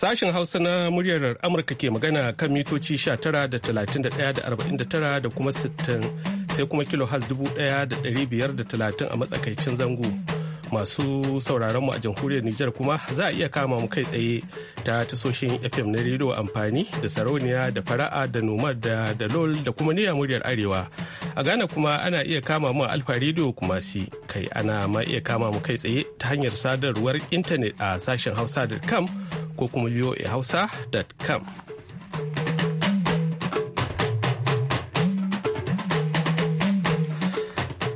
Sashen Hausa na muryar Amurka ke magana kan mitoci 19 da 31 da 49 da kuma 60 sai kuma kilo has 1530 a matsakaicin zango. Masu sauraron mu a jamhuriyar Nijar kuma za a iya kama mu kai tsaye ta tasoshin FM na rediyo amfani da sarauniya da fara'a da nomad da dalol da kuma niyya muryar arewa. A Ghana kuma ana iya kama mu alfa rediyo kuma si kai ana ma iya kama mu kai tsaye ta hanyar sadarwar intanet a sashen hausa.com ko kuma voahausa.com.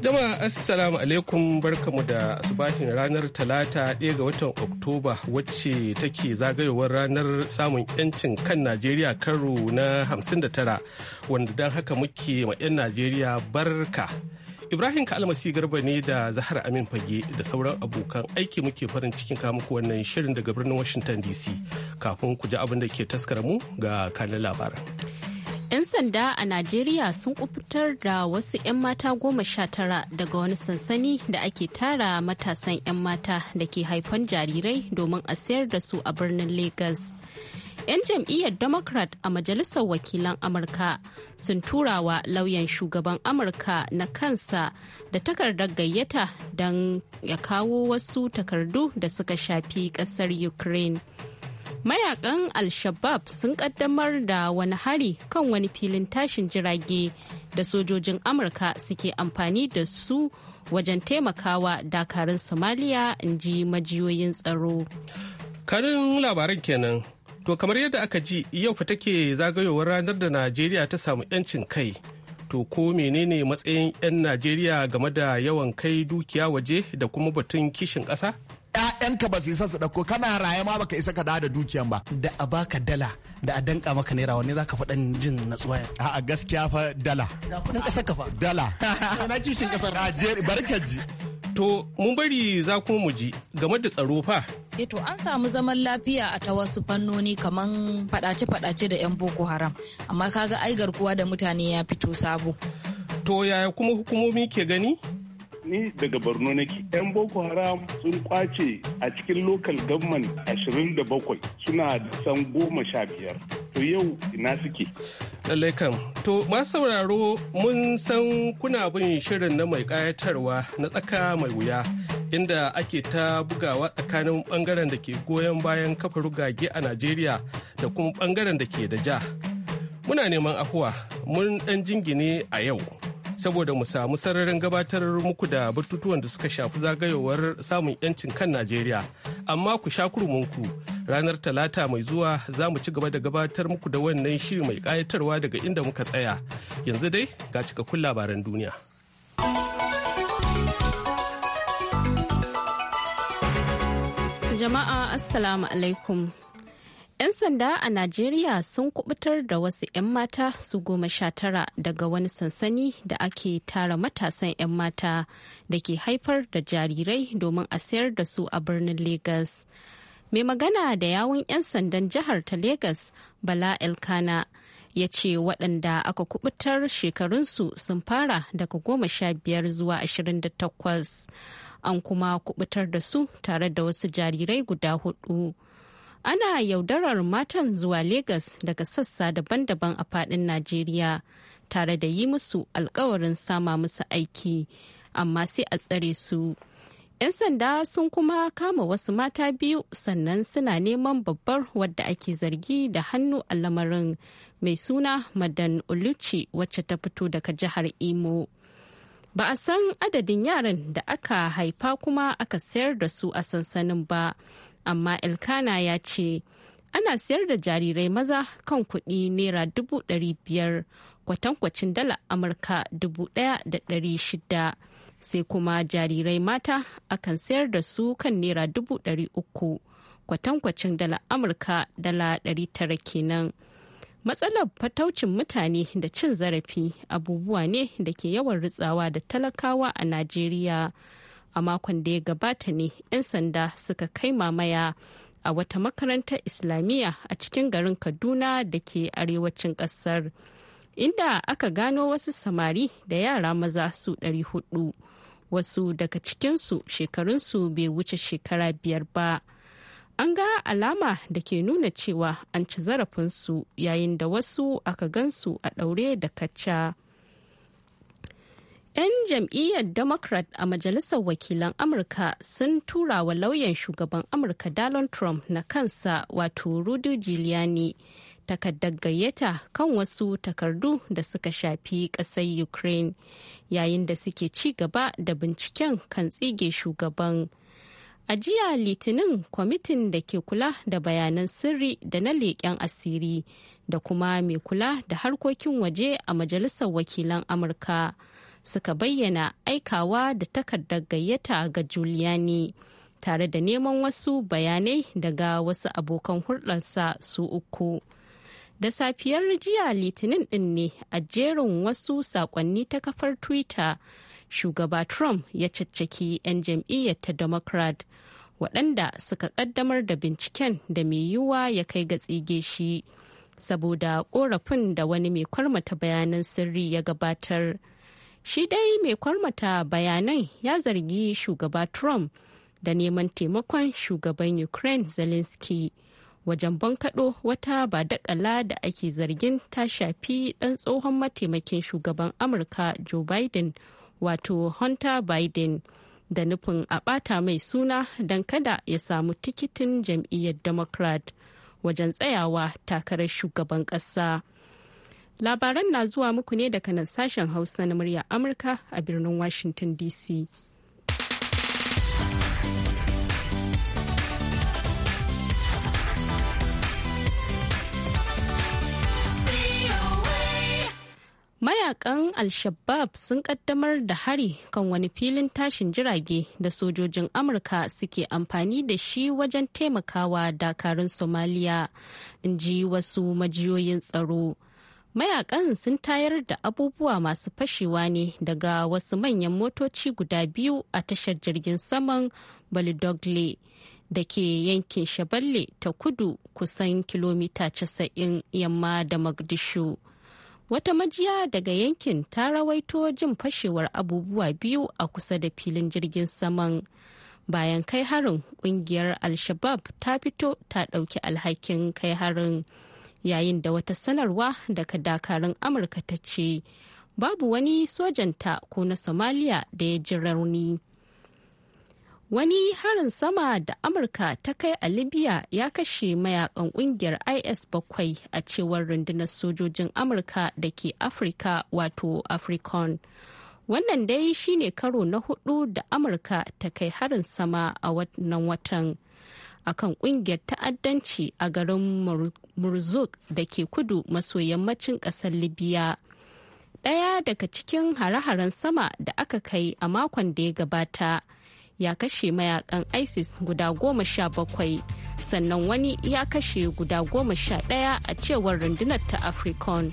Jama'a Assalamu alaikum barkamu da asubahin ranar talata ɗaya ga watan Oktoba wacce take zagayowar ranar samun 'yancin kan Najeriya karo na 59 wanda don haka muke ma 'yan Najeriya barka. Ibrahim Kalmasi Garba ne da Zahra Amin Fage da sauran abokan aiki muke farin cikin muku wannan shirin daga birnin Washington DC kafin ku ji abin da ke taskara mu ga kanin labaran. 'Yan sanda a Najeriya sun kubutar da wasu 'yan mata goma sha tara daga wani sansani da ake tara matasan 'yan mata da ke haifan jarirai domin a sayar da su a birnin Legas. 'yan jam'iyyar democrat a majalisar wakilan amurka sun turawa lauyan shugaban amurka na kansa da takardar gayyata don ya kawo wasu takardu da suka shafi kasar ukraine mayakan al-shabab sun kaddamar da wani hari kan wani filin tashin jirage da sojojin amurka suke amfani da su wajen taimakawa dakarun somaliya in ji majiyoyin tsaro karin labarin kenan To kamar yadda aka ji yau fa take zagayowar ranar da Najeriya ta samu 'yancin kai. To ko menene matsayin 'yan Najeriya game da yawan kai dukiya waje da kuma batun kishin ƙasa? ‘Ya'yanka ba su isa su ɗauko kana raye ma baka isa ka da dukiyan ba. Da a baka dala da a danka maka naira wani za ka faɗan jin natsuwa yan. A'a gaskiya fa dala. Kuɗin ƙasa ka fa. Dala. Na kishin ƙasar. barka barkaji. To mun bari za kuma mu ji game da tsaro fa. E to an samu zaman lafiya a ta wasu fannoni kamar fadace-fadace da 'yan Boko Haram, amma kaga ai garkuwa da mutane ya fito sabo. To yaya kuma hukumomi ke gani? ni daga borno nake yan boko haram sun kwace a cikin local government 27 suna da san goma sha biyar to yau ina suke lalekan to masu sauraro mun san kuna bin shirin na mai kayatarwa na tsaka mai wuya inda ake ta bugawa tsakanin bangaren da ke goyon bayan kafa rugage a najeriya da kuma bangaren da ke da ja muna neman afuwa mun dan jingine a yau saboda mu samu sararin gabatar muku da batutuwan da suka shafi zagayowar samun 'yancin kan Najeriya. Amma ku sha kurmunku ranar talata mai zuwa za mu ci gaba da gabatar muku da wannan shiri mai ƙayatarwa daga inda muka tsaya. Yanzu dai ga cikakkun labaran duniya. Jama'a Assalamu alaikum. 'Yan sanda a Najeriya sun kubutar da wasu 'yan mata su goma sha tara daga wani sansani da ake tara matasan 'yan mata da ke haifar da jarirai domin a sayar da su a birnin Legas. Mai magana da yawun 'yan sandan jihar ta Legas Bala Elkana ya ce waɗanda aka kubutar shekarunsu sun fara daga goma sha biyar zuwa ashirin da takwas. An kuma kubutar da su tare da wasu jarirai guda hudu. ana yaudarar matan zuwa Legas daga sassa daban-daban a faɗin Najeriya tare da yi musu alkawarin sama musu aiki, amma sai a tsare su. 'Yan sanda sun kuma kama wasu mata biyu sannan suna neman babbar wadda ake zargi da hannu a lamarin mai suna Madan Oluchi wacce ta fito daga jihar Imo. Ba a san adadin yaran da aka haifa kuma aka sayar da su a sansanin ba. amma elkana ya ce ana siyar da jarirai maza kan kuɗi naira dubu ɗari biyar kwatankwacin dala amurka dubu ɗaya da ɗari shida sai kuma jarirai mata akan siyar da su kan naira dubu ɗari uku kwatankwacin dala amurka dala ɗari tara kenan matsalar fataucin mutane da cin zarafi abubuwa ne da ke yawan ritsawa da talakawa a najeriya a makon da ya gabata ne 'yan sanda suka kai mamaya a wata makarantar islamiyya a cikin garin kaduna da ke arewacin ƙasar inda aka gano wasu samari da yara maza su hudu, wasu daga cikinsu shekarunsu bai wuce shekara biyar ba an ga alama da ke nuna cewa an ci zarafinsu yayin da wasu aka gansu a ɗaure da kacca. 'Yan jam'iyyar Democrat a Majalisar Wakilan Amurka sun tura wa lauyan shugaban Amurka Donald Trump na kansa wato Rudy Giuliani takardar gayyata kan wasu takardu da suka shafi ƙasar Ukraine yayin da suke ci gaba da binciken kan tsige shugaban. A jiya Litinin kwamitin da ke kula da bayanan sirri da na leƙen asiri da kuma mai kula da harkokin waje a Majalisar Wakilan Amurka. suka bayyana aikawa da takardar gayyata ga Giuliani tare da neman wasu bayanai daga wasu abokan hulɗarsa su uku. Da safiyar jiya litinin ɗin ne a jerin wasu saƙonni ta kafar Twitter, shugaba Trump ya caccaki 'yan jam'iyyar ta Democrat waɗanda suka ƙaddamar da binciken da mai yiwuwa ya kai ga tsige shi. saboda ƙorafin da wani mai kwarmata bayanan sirri ya gabatar shi dai mai kwarmata bayanan ya zargi shugaba trump da neman taimakon shugaban ukraine zelensky wajen bankaɗo wata badakala da ake zargin ta shafi ɗan tsohon mataimakin shugaban amurka joe biden wato hunter biden da nufin a ɓata mai suna don kada ya samu tikitin jam'iyyar democrat wajen tsayawa takarar shugaban ƙasa. Labaran na zuwa muku ne daga nan sashen Hausa na murya Amurka a birnin Washington DC. Mayakan al shabab sun kaddamar da hari kan wani filin tashin jirage da sojojin Amurka suke amfani da shi wajen taimakawa dakarun Somaliya, in ji wasu majiyoyin tsaro. mayakan sun tayar da abubuwa masu fashewa ne daga wasu manyan motoci guda biyu a tashar jirgin saman balidogle da ke yankin shaballe ta kudu kusan kilomita 90 yamma da magdishu wata majiya daga yankin ta rawaito jin fashewar abubuwa biyu a kusa da filin jirgin saman bayan kai harin kungiyar al-shabab ta fito ta ɗauki alhakin kai harin yayin da wata sanarwa daga dakarun amurka ta ce babu wani sojanta ko na somaliya da ya ji rauni wani harin sama da amurka ta kai a libya ya kashe mayakan kungiyar is bakwai a cewar rundunar sojojin amurka da ke afirka wato africon wannan dai shine karo na hudu da amurka ta kai harin sama a wannan watan akan kungiyar ta'addanci a garin murzuk da ke kudu maso yammacin kasar libya ɗaya daga cikin hare-haren sama da aka kai a makon da ya gabata ya kashe mayakan isis guda goma sha bakwai sannan wani ya kashe guda goma sha ɗaya a cewar rundunar ta africon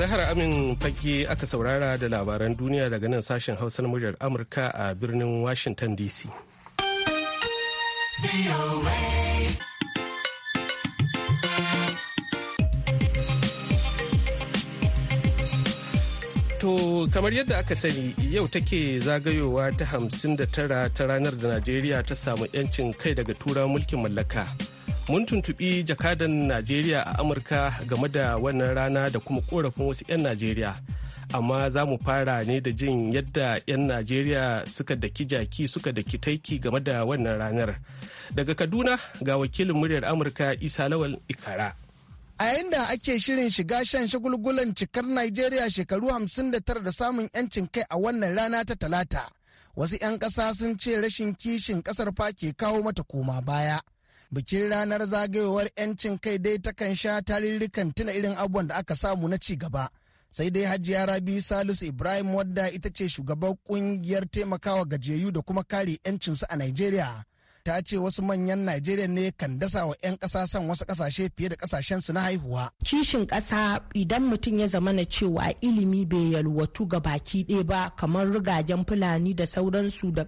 Zahar Amin fage aka saurara da labaran duniya daga nan sashen hausar muryar Amurka a birnin Washington DC. To kamar yadda aka sani yau take zagayowa ta hamsin da tara ta ranar da Najeriya ta samu 'yancin kai daga tura mulkin mallaka. mun tuntuɓi jakadan najeriya a amurka game da wannan rana da kuma korafin wasu 'yan najeriya amma za mu fara ne da jin yadda 'yan najeriya suka daki jaki suka daki taiki game da wannan ranar daga kaduna ga wakilin muryar amurka isa lawal ikara a yayin da ake shirin shiga shan shagulgulan cikar Najeriya shekaru 59 da samun 'yancin kai a wannan rana ta talata. Wasu 'yan ƙasa sun ce rashin kishin ƙasar fa ke kawo mata koma baya. bikin ranar zagayowar 'yancin kai dai takan sha tarurrukan tuna irin abubuwan da aka samu na ci gaba sai dai hajiya rabi salisu ibrahim wadda ita ce shugaban kungiyar taimakawa gajeyu da kuma kare 'yancinsu a nigeria ta ce wasu manyan najeriya ne kan dasa wa 'yan ƙasa san wasu ƙasashe fiye da su na haihuwa kishin ƙasa idan mutum ya zama na cewa ilimi bai yalwatu ga baki ɗaya ba kamar rigajen fulani da sauransu da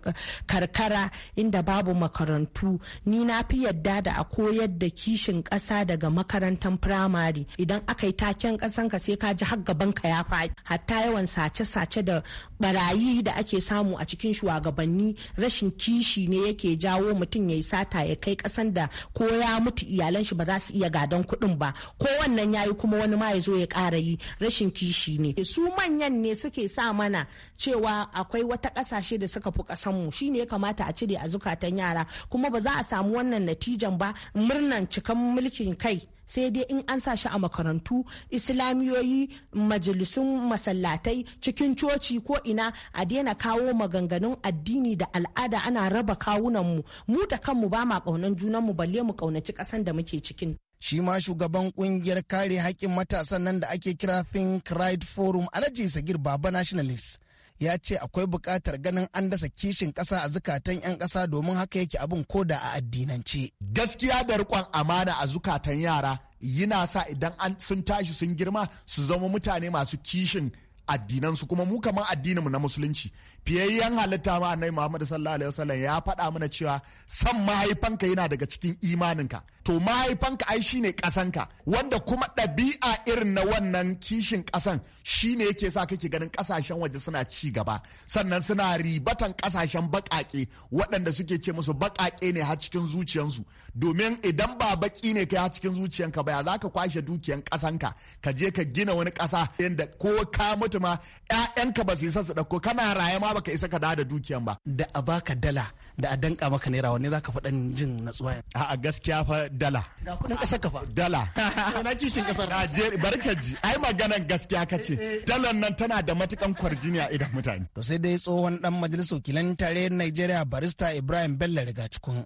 karkara inda babu makarantu ni na fi yadda da a koyar da kishin ƙasa daga makarantar firamare idan aka yi taken ka sai ka ji har gaban ka ya faɗi hatta yawan sace-sace da barayi da ake samu a cikin shugabanni rashin kishi ne yake jawo mutum ya yi sata ya kai kasan da ko ya mutu iyalan shi ba za su iya gadon kuɗin ba ko wannan ya yi kuma wani ma ya zo ya ƙara yi rashin kishi ne su manyan ne suke sa mana cewa akwai wata ƙasashe da suka fi ƙasan mu shine ya kamata a cire a zukatan yara kuma ba za a samu wannan natijan ba murnan cikan mulkin kai sai dai in an sa shi a makarantu islamiyoyi majalisun masallatai cikin coci ko ina a daina kawo maganganun addini da al'ada ana raba kawunan mu mu da kanmu ba ma junan junanmu balle mu kaunaci kasan da muke cikin shi ma shugaban kungiyar kare haƙƙin matasan nan da ake kira Think Right Forum Alhaji Sagir Baba Nationalist ya ce akwai buƙatar ganin an dasa kishin ƙasa a zukatan 'yan ƙasa domin haka yake abin da a addinance. Gaskiya da riƙon amana a zukatan yara yana sa idan an sun tashi sun girma su zama mutane masu kishin addinansu kuma mu kamar addininmu na musulunci fiyayyen halitta ma annabi Muhammad sallallahu alaihi wasallam ya faɗa mana cewa san mahaifanka yana daga cikin imaninka to mahaifanka ai shine kasanka wanda kuma ɗabi'a irin na wannan kishin ƙasan shine yake sa kake ganin kasashen waje suna ci gaba sannan suna ribatan kasashen baƙaƙe waɗanda suke ce musu baƙaƙe ne har cikin zuciyansu domin idan ba baƙi ne kai har cikin zuciyanka ba ya za ka kwashe dukiyan kasanka ka je ka gina wani ƙasa yadda ko ka mutu ma 'ya'yanka ba su isa su ɗauko kana raye ma ba baka isa ka da dukiyan ba da a baka dala da a danka maka naira wanne zaka faɗan jin natsuwa a gaskiya fa dala ga kudin kasar ka fa dala na kishin kasar Najeriya ji. ai maganan gaskiya kace eh, eh, eh. dalan nan tana da matukan kwarjini a idan mutane to sai dai tsohon dan majalisar wakilan tarayyar Najeriya barista Ibrahim Bello riga cikin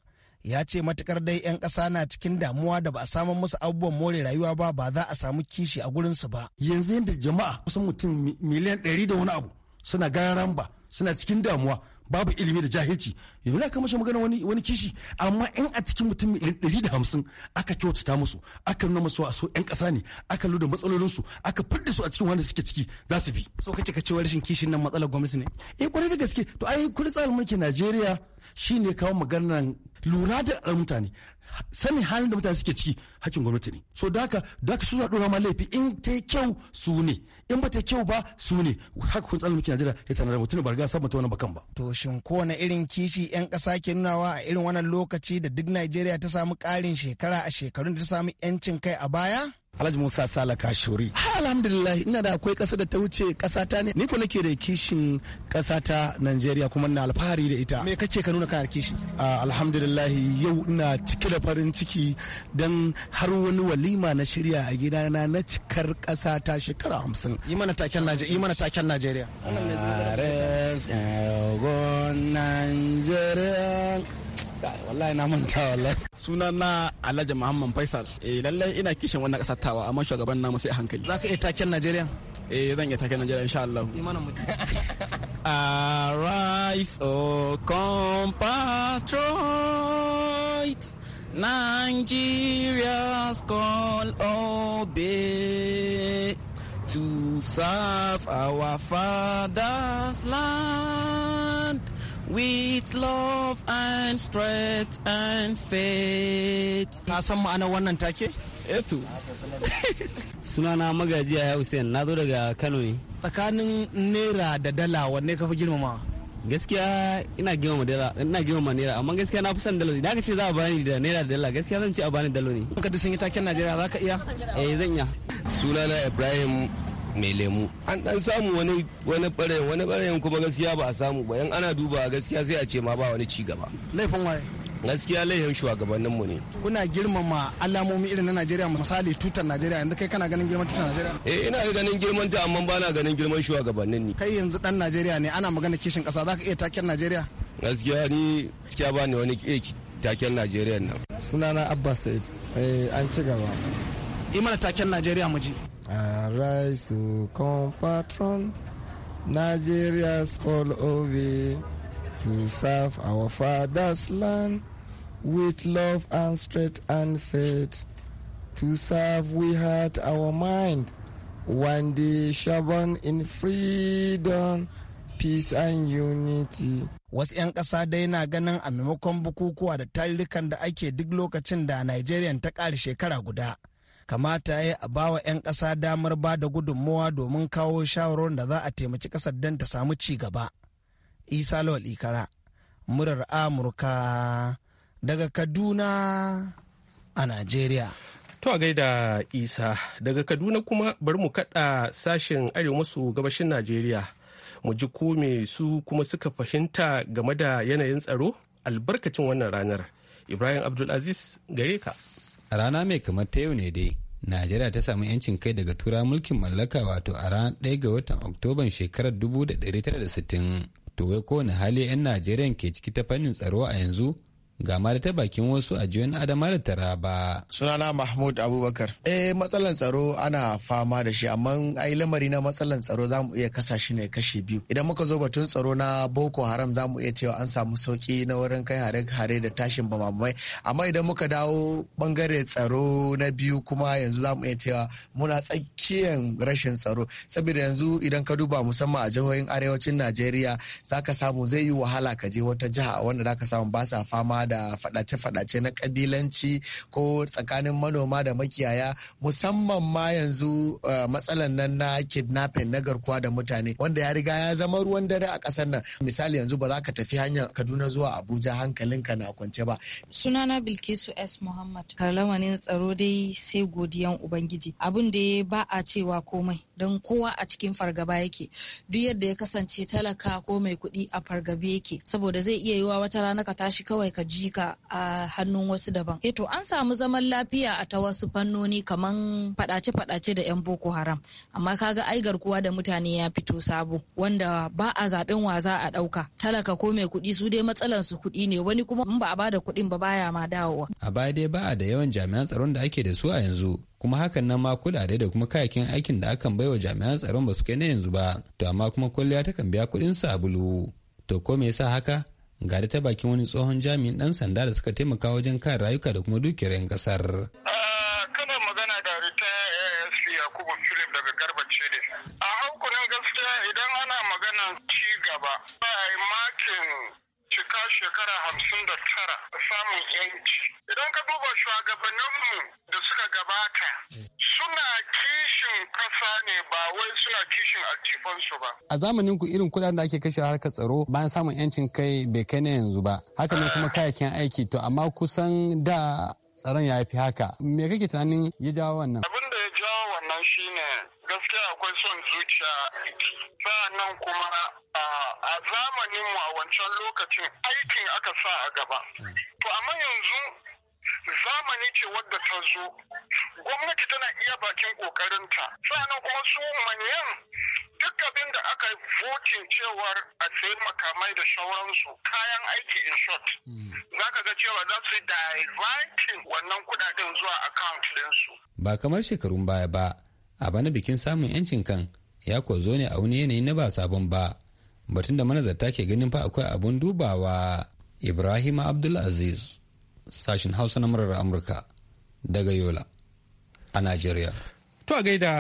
ya ce matukar dai 'yan ƙasa na cikin damuwa da ba a samun musu abubuwan more rayuwa ba ba za a samu kishi a gurinsu ba yanzu yadda jama'a kusan mutum miliyan ɗari da wani abu suna gararan ba suna cikin damuwa babu ilimi da jahilci yanzu na kama magana wani wani kishi amma in a cikin mutum ɗari da hamsin aka kyautata musu aka nuna musu a so yan ƙasa ne aka lura su aka fidda su a cikin wanda suke ciki za su bi so kace cewa rashin kishin nan matsalar gwamnati ne eh kwarai da gaske to ai kudin tsarin mulkin Najeriya shine kawo maganar lura da mutane sanin halin da mutane suke ciki hakkin gwamnati ne so da haka da haka ma laifi in ta kyau su ne in ba ta kyau ba su ne haka kun muke mulkin Najeriya ya da mutum ba riga sa ta wani bakan ba to shin kowane irin kishi yan kasa ke nunawa a irin wannan lokaci da duk Najeriya ta samu karin shekara a shekarun da ta samu yancin kai a baya Alhaji Musa Sala Kashuri. Alhamdulillah ina da akwai ƙasa da ta wuce ƙasata ta ne. Ni ko nake da kishin ƙasata ta Najeriya kuma na alfahari da ita. Me kake ka nuna kana kishi? Ah, alhamdulillah yau ina cike da farin ciki dan har wani walima na shirya a gida na na cikar ƙasata ta shekara hamsin. Yi mana taken Najeriya. Yi mana taken Najeriya. Alhamdulillah. wallahi na manta wallahi suna na alhaji muhammad faisal eh lallai ina kishin wannan kasar tawa amma shugaban namu sai a hankali za ka iya taken najeriya eh zan iya taken najeriya insha allah imanin mutum arise o compatriot Nigeria's call obey to serve our father's land with love and strength and faith. Ka san ma'anar wannan take? Eto. Eh Sunana magaji a Hussein na zo daga Kano ne. Tsakanin Naira da Dala wanne ka fi girmama? Gaskiya ina girmama Dala, ina girmama Naira, amma gaskiya na fi son Dala. Da aka ce za a bani da Naira da Dala, gaskiya zan ce a bani Dala ne. Ka sun yi taken Najeriya za ka iya? Eh zan iya. Sunana Ibrahim mai lemu an dan samu wani wani barayin wani barayin kuma gaskiya ba a samu ba yan ana duba gaskiya sai a ce ma ba wani ci gaba laifin waye gaskiya laifin mu ne kuna girmama alamomi irin na najeriya misali tutar najeriya yanzu kai kana ganin girman tutar najeriya eh ina ganin girman ta amma ba na ganin girman shugabannin ne kai yanzu dan najeriya ne ana magana kishin kasa zaka iya taken najeriya gaskiya ni gaskiya ba ne wani taken najeriya nan sunana abbas said eh an ci gaba imana taken najeriya mu ji Arise, O compatron, Nigeria's all over, to serve our father's land with love and strength and faith. To serve we heart our mind, one day shall in freedom, peace and unity. wasu 'yan ƙasa dai na ganin a maimakon bukukuwa da tarurrukan da ake duk lokacin da Nigerian ta ƙare shekara guda kamata ya yi a bawa 'yan ƙasa damar ba da gudunmowa domin kawo shawarar da za a taimaki ƙasar don ta samu ci gaba. Isa Lawal Ikara, murar Amurka daga Kaduna a nigeria To a gaida Isa daga Kaduna kuma bari mu kaɗa sashen arewa maso gabashin nigeria Mu ji kome su kuma suka fahimta game da yanayin tsaro albarkacin wannan ranar. Ibrahim Abdulaziz gare ka. a rana mai kamar ta yau ne dai najeriya ta samu yancin kai daga tura mulkin mallaka wato a ranar 1 ga watan oktoban shekarar 1960 to wai kowane hali 'yan najeriya ke ciki ta fannin tsaro a yanzu ga da ta bakin wasu a jiyon adama da taraba. sunana mahmud abubakar eh matsalan tsaro ana fama da shi amma ai lamari na matsalan tsaro za mu iya kasa shi ne kashe biyu idan muka zo batun tsaro na boko haram za mu iya cewa an samu sauki na wurin kai hare-hare da tashin bamamai amma idan muka dawo bangare tsaro na biyu kuma yanzu za mu iya cewa muna tsakiyan rashin tsaro saboda yanzu idan ka duba musamman a jihohin arewacin najeriya za ka samu zai yi wahala ka je wata jiha wanda za ka samu ba sa fama da fadace-fadace na kabilanci ko tsakanin manoma da makiyaya musamman ma yanzu uh, matsalan nan na kidnapping na garkuwa da mutane wanda ya riga ya zama ruwan dare a kasar nan misali yanzu ba za ka tafi hanyar kaduna zuwa abuja hankalinka na kwance ba sunana bilkisu s muhammad karlamanin tsaro dai sai godiyan ubangiji abin da ba a cewa komai don kowa a cikin fargaba yake duk yadda ya kasance talaka ko mai kuɗi a fargabe yake saboda zai iya yiwa wata rana ka tashi kawai ka ji ka a hannun wasu daban Eto, eh to an samu zaman lafiya a ta wasu fannoni kamar fadace-fadace da yan boko haram amma kaga ai garkuwa da mutane ya fito sabo wanda ba a zaben wa a ɗauka talaka ko mai kuɗi su dai matsalan su kuɗi ne wani kuma in ba a bada kuɗin ba baya ma dawowa a baya dai ba a da yawan jami'an tsaron da ake da su a yanzu kuma hakan nan ma kudade da kuma kayakin aikin da akan baiwa jami'an tsaron ba su kai na yanzu ba to amma kuma kwalliya ta kan biya kuɗin sabulu to ko me yasa haka gari ta bakin wani tsohon jami'in dan sanda da suka taimaka wajen kare rayuka da kuma dukiyar 'yan kasar. su ba. A zamanin ku irin kuɗaɗen da ake kashe harkar tsaro bayan samun 'yancin kai bai kai na yanzu ba. Haka ne kuma kayayyakin aiki to amma kusan da tsaron ya fi haka. Me kake tunanin ya jawo wannan? Abin da ya jawo wannan shine gaskiya akwai son zuciya nan kuma a zamanin mu a wancan lokacin aikin aka sa a gaba. To amma yanzu zamani ce wadda ta zo gwamnati tana iya bakin kokarinta sannan kuma su manyan abin da aka votin cewar a sai makamai da sauransu kayan aiki in short hmm. za ka ga cewa za su diverting wannan kudaden zuwa account ɗinsu. ba kamar shekarun baya ba a bana bikin samun yancin kan ya ko zo ne a wani yanayi na ba sabon ba batun da manazarta ke ganin fa akwai abun dubawa ibrahim abdulaziz sashen hausa na murar amurka daga yola a najeriya to a gaida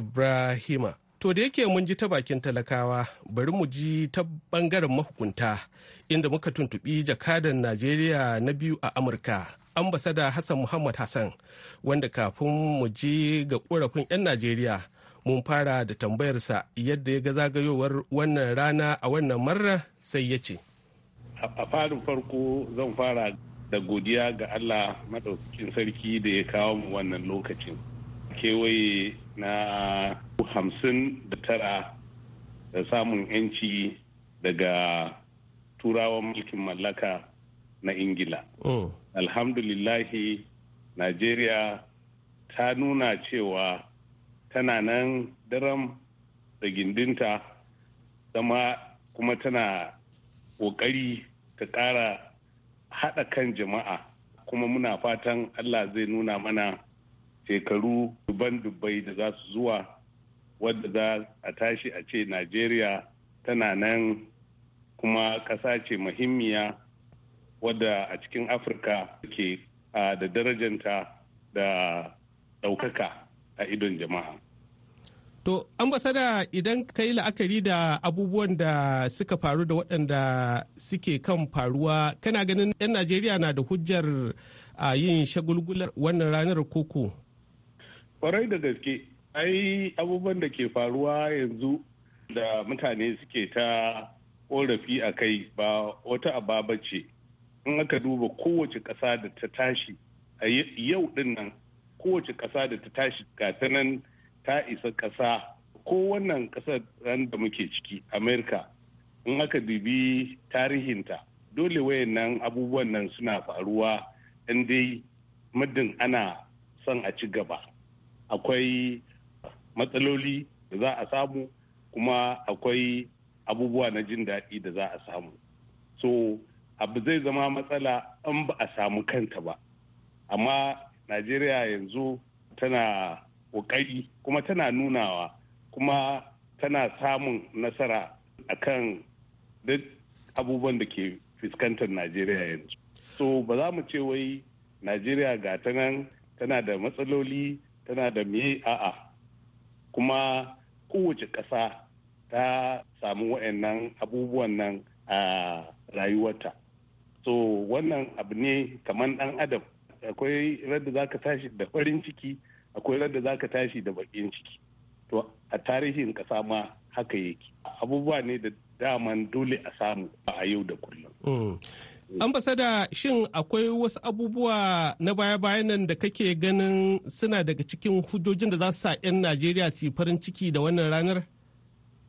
ibrahima To da yake mun ji ta bakin talakawa bari mu ji ta bangaren mahukunta inda muka tuntuɓi jakadan Najeriya na biyu a Amurka ambasada Hassan Muhammad Hassan wanda kafin mu ji ga ƙorafin 'yan Najeriya mun fara da tambayarsa yadda ya ga zagayowar wannan rana a wannan marra sai ya ce. A farin farko zan fara da godiya ga Allah maɗaukakin sarki da ya kawo mu wannan lokacin. kewaye na hamsin da tara da samun 'yanci daga turawan mulkin mallaka na ingila oh. alhamdulillahi najeriya ta nuna cewa tana nan daram da gindinta zama kuma tana ƙoƙari ta ƙara haɗa kan jama'a kuma muna fatan allah zai nuna mana shekaru duban dubbai da za su zuwa wadda za a tashi a ce najeriya tana nan kuma ƙasa ce mahimmiya wadda a cikin afirka ke da darajanta da ɗaukaka a idon jama'a To, ambasada idan ka yi la'akari da abubuwan da suka faru da waɗanda suke kan faruwa, kana ganin 'yan Najeriya na da hujjar yin shagulgular wannan ranar koko? kwarai da gaske ai abubuwan da ke faruwa yanzu da mutane suke ta korafi a kai ba wata ababa ce in aka duba kowace ƙasa da ta tashi a yau din nan kowace ƙasa da ta tashi gata nan ta isa ƙasa ko wannan ƙasar ran da muke ciki amerika in aka dubi tarihinta dole wayannan abubuwan nan suna faruwa in dai muddin ana son a ci gaba akwai matsaloli da za a samu kuma akwai abubuwa na jin daɗi da za a samu so abu zai zama matsala in ba a samu kanta ba amma najeriya yanzu tana ƙoƙari kuma tana nunawa kuma tana samun nasara akan duk abubuwan da ke fuskantar najeriya yanzu so ba za mu ce wai najeriya ga ta nan tana da matsaloli tana da me a'a kuma kowace ƙasa ta samu wa'annan abubuwan nan a rayuwarta so wannan abu ne kamar ɗan adam akwai radda za ka tashi da farin ciki akwai radda za ka tashi da baƙin ciki to a tarihin ƙasa ma haka yake abubuwa ne da daman dole a samu a yau da kullum mm. Ambasada shin akwai wasu abubuwa na baya-bayan nan da kake ganin suna daga cikin hujjojin da za su sa 'yan Najeriya su farin ciki da wannan ranar?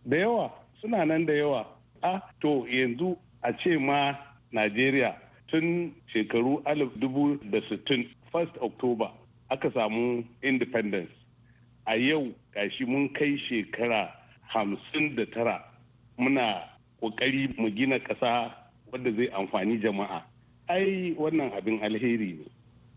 Da yawa, suna nan da yawa. Ah, to yanzu a ce ma Najeriya tun shekaru alif dubu October aka samu independence. A yau gashi mun kai shekara 59 muna ƙoƙari mu gina ƙasa wanda zai amfani jama'a ai wannan abin alheri ne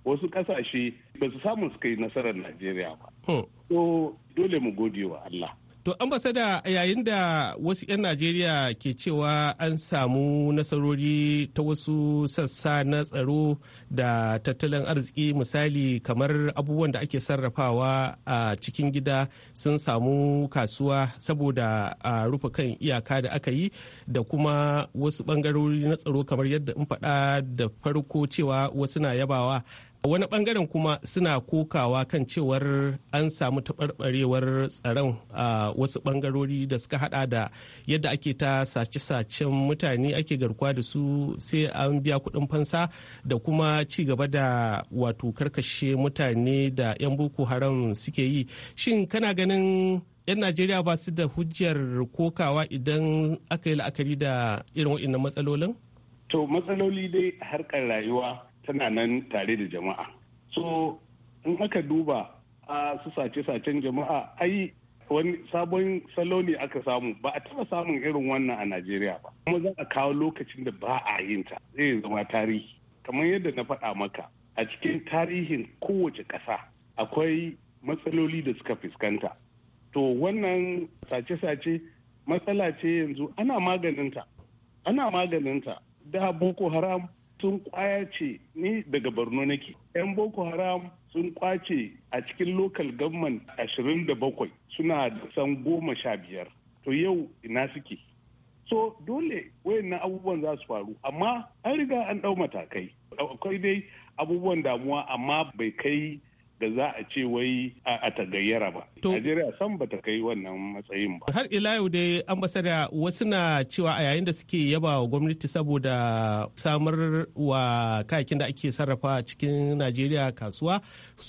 wasu kasashe ba su samu su kai nasarar najeriya ba hmm. so dole mu gode wa allah To da yayin da wasu 'yan Najeriya ke cewa an samu nasarori ta wasu sassa na tsaro da tattalin arziki misali kamar abubuwan da ake sarrafawa a cikin gida sun samu kasuwa saboda a rufe kan iyaka da aka yi da kuma wasu bangarori na tsaro kamar yadda in faɗa da farko cewa wasu na yabawa a wani bangaren kuma suna kokawa kan cewar an samu taɓarɓarewar tsaron a wasu bangarori da suka hada da yadda ake ta sace-sacen mutane ake garkuwa da su sai an biya kuɗin fansa da kuma ci gaba da wato karkashe mutane da 'yan boko haram suke yi shin kana ganin 'yan najeriya ba su da hujjar kokawa idan aka yi la'akari da irin matsalolin? to matsaloli dai harkar rayuwa tana nan tare da jama'a so in aka duba a su sace-sacen jama'a ai wani sabon salo ne aka samu ba a taba samun irin wannan a najeriya ba kuma za a kawo lokacin da ba a yin ta zai zama tarihi kamar yadda na faɗa maka a cikin tarihin kowace ƙasa akwai matsaloli da suka fuskanta to wannan sace-sace matsala ce yanzu ana maganinta ana maganinta da boko haram sun kwace ni daga borno nake yan boko haram sun kwace a cikin local government 27 suna da san goma sha biyar to yau ina suke so dole wayannan abubuwan za su faru amma an riga an ɗau matakai akwai dai abubuwan damuwa amma bai kai da za a ce wai a tagayyara ba. Najeriya san ba ta kai wannan matsayin ba. Har ila yau dai ambasada wasu na cewa a yayin da suke yaba wa gwamnati saboda samar wa kayakin da ake sarrafa cikin Najeriya kasuwa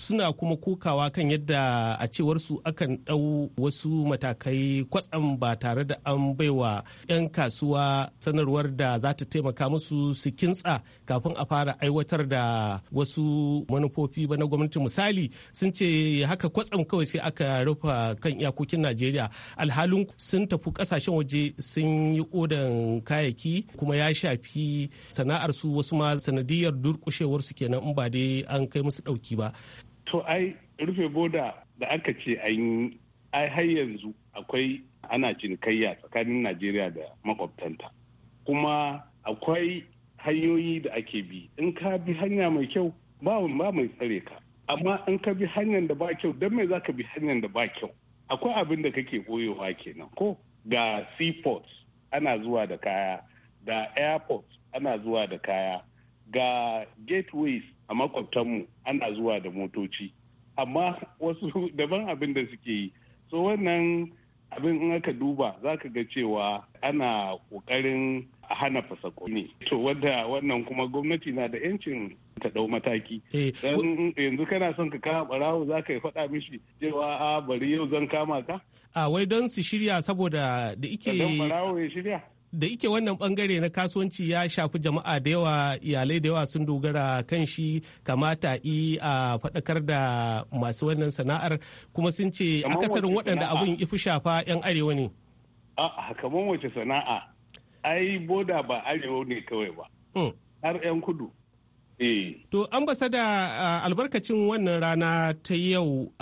suna kuma kokawa kan yadda a cewar su akan ɗau wasu matakai kwatsam ba tare da an baiwa 'yan kasuwa sanarwar da za ta taimaka musu su kintsa kafin a fara aiwatar da wasu manufofi ba na gwamnati misali misali sun ce haka kwatsam kawai sai aka rufa kan iyakokin najeriya alhalun sun tafi kasashen waje sun yi kodan kayayyaki kuma ya shafi sana'ar su wasu ma sanadiyar durkushewar su kenan in ba dai an kai musu dauki ba to ai rufe boda da aka ce an ai har yanzu akwai ana cinikayya tsakanin najeriya da makwabtanta kuma akwai hanyoyi da ake bi in ka bi hanya mai kyau ba mai tsare ka amma in ka bi hanyar da ba kyau don mai za ka bi hanyar da ba kyau akwai abin da kake koyowa kenan ko ga seaports ana zuwa da kaya ga airports ana zuwa da kaya ga gateways a makwabtanmu ana zuwa da motoci amma wasu daban abin da suke yi so wannan abin in aka duba za ka ga cewa ana ƙoƙarin hana fasako ne to wadda wannan kuma gwamnati na da 'yancin ta dau mataki. Eh, yanzu kana son ka kama barawo za ka yi faɗa mishi cewa a bari yau zan kama ka? A wai don su shirya saboda da ike. da ike wannan bangare na kasuwanci ya shafi jama'a da yawa iyalai da yawa sun dogara kan shi kamata i a faɗakar da masu wannan sana'ar kuma sun ce akasarin waɗanda abin ifi shafa 'yan arewa ne a kamar wace sana'a ai boda ba arewa ne kawai ba hmm. har 'yan kudu Eh. To da albarkacin wannan rana ta yau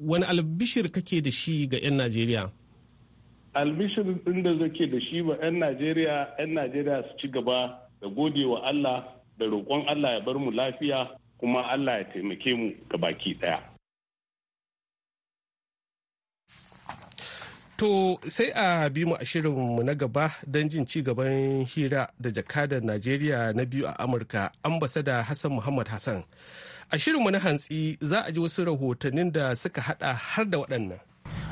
wani albishir kake da shi ga 'yan Najeriya? Albishir ɗin da zake da shi ba 'yan Najeriya, 'yan Najeriya su ci gaba da gode wa Allah da roƙon Allah ya bar mu lafiya kuma Allah ya taimake mu ga baki ɗaya. To sai a bi mu a shirinmu na gaba don jin ci gaban hira da jakadar Najeriya na biyu a Amurka, ambasada Hassan Muhammad Hassan. A shirinmu na hantsi za a ji wasu rahotannin da suka hada har da waɗannan.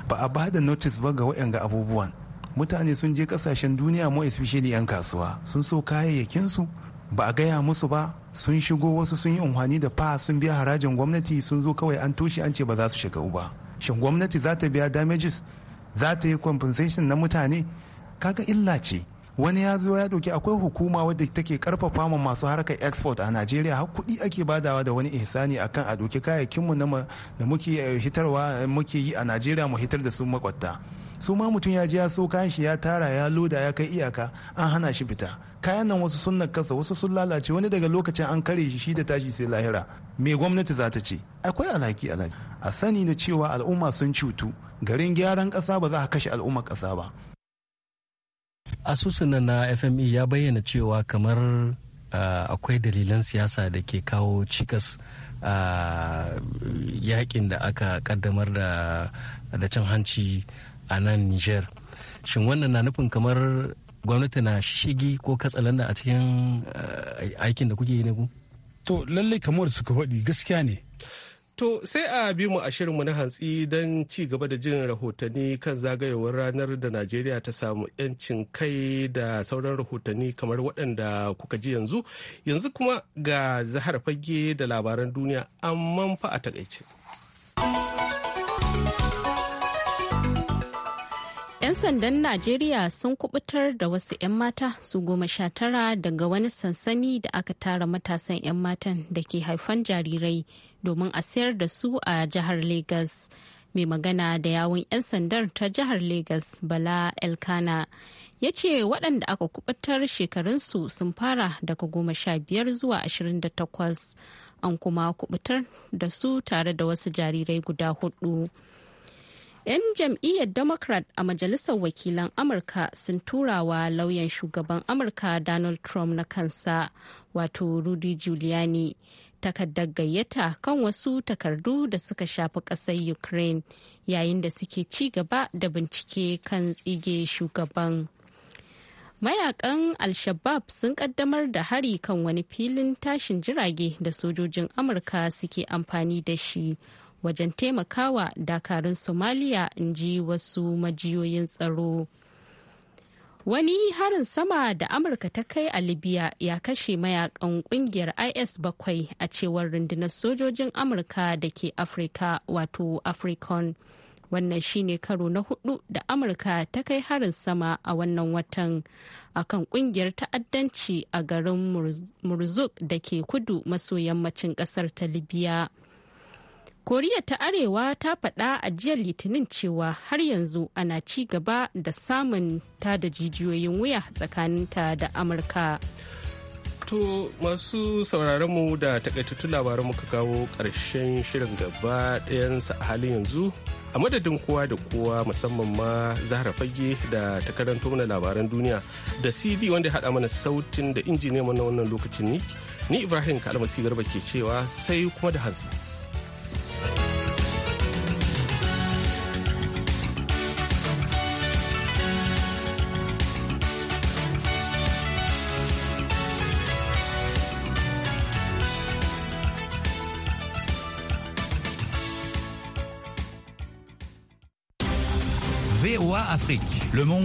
Ba a ba da notice ba ga waɗanda abubuwan. Mutane sun je kasashen duniya mu especially 'yan kasuwa sun so kayayyakinsu ba a gaya musu ba sun shigo wasu sun yi amfani da fa sun biya harajin gwamnati sun zo kawai an toshe an ce ba za su shiga uba. Shin gwamnati za ta biya damages za ta yi compensation na mutane kaga illa ce wani ya zo ya doki akwai hukuma wadda take karfafa ma masu harkar export a najeriya har kuɗi ake badawa da wani ihsani akan a doki kayayyakinmu da muke eh, hitarwa eh, muke yi a najeriya mu hitar da su makwatta su ma mutum ya je ya so kayan shi ya tara ya loda ya kai iyaka an hana shi fita kayan nan wasu sun nakasa wasu sun lalace wani daga lokacin an kare shi shi da tashi sai lahira me gwamnati za ta ce akwai alhaki alaki a sani na cewa al'umma sun cutu garin gyaran ƙasa ba za a kashe al'ummar ƙasa ba asusun na fme ya bayyana cewa kamar akwai dalilan siyasa da ke kawo cikas uh, yakin da aka kaddamar da cin hanci a nan niger shin wannan na nufin kamar gwamnati na shigi ko katsalanda a cikin eh, aikin da kuke yi nagu. to lallai kamar suka faɗi gaskiya ne To sai a bi mu a shirinmu na hantsi don ci gaba da jin rahotanni kan zagayowar ranar da Najeriya ta samu 'yancin kai da sauran rahotanni kamar waɗanda kuka ji yanzu. Yanzu kuma ga zahar fage da labaran duniya amma fa a takaice. 'Yan sandan Najeriya sun kubutar da wasu 'yan mata su goma sha tara daga wani sansani da aka tara matasan 'yan matan da ke haifan jarirai domin a sayar da su a jihar Legas. Mai magana da yawun 'yan sandar ta jihar Legas Bala Elkana ya ce waɗanda aka kubutar shekarunsu sun fara daga goma sha biyar zuwa ashirin da takwas an kuma kubutar da su tare da wasu jarirai guda hudu. 'Yan jam'iyyar Democrat a Majalisar Wakilan Amurka sun turawa lauyan shugaban Amurka Donald Trump na kansa, wato Rudy Giuliani, takardar gayyata kan wasu takardu da suka shafi ƙasar Ukraine yayin da suke ci gaba da bincike kan tsige shugaban. mayakan al-shabab sun kaddamar da hari kan wani filin tashin jirage da sojojin amurka suke amfani da shi wajen taimakawa dakarun somaliya in ji wasu majiyoyin tsaro wani harin sama da amurka ta kai a libya ya kashe mayakan kungiyar is bakwai a cewar rundunar sojojin amurka da ke afirka wato africon wannan shine karo na hudu da amurka ta kai harin sama a wannan watan akan kungiyar ta'addanci a garin murzuk da ke kudu maso yammacin kasar ta libya koriya ta arewa ta faɗa a jiya litinin cewa har yanzu ana ci gaba da samun ta da jijiyoyin wuya tsakaninta da amurka to masu mu da takaitattun labaran muka kawo ƙarshen shirin gaba ɗayansa a halin yanzu a madadin kowa da kowa musamman ma zahra fage da ta karanto mana labaran duniya da cd wanda ya haɗa mana sautin da injiniyan na wannan lokacin ni ibrahim kalmasi garba ke cewa sai kuma da hansi. Afrique. Le monde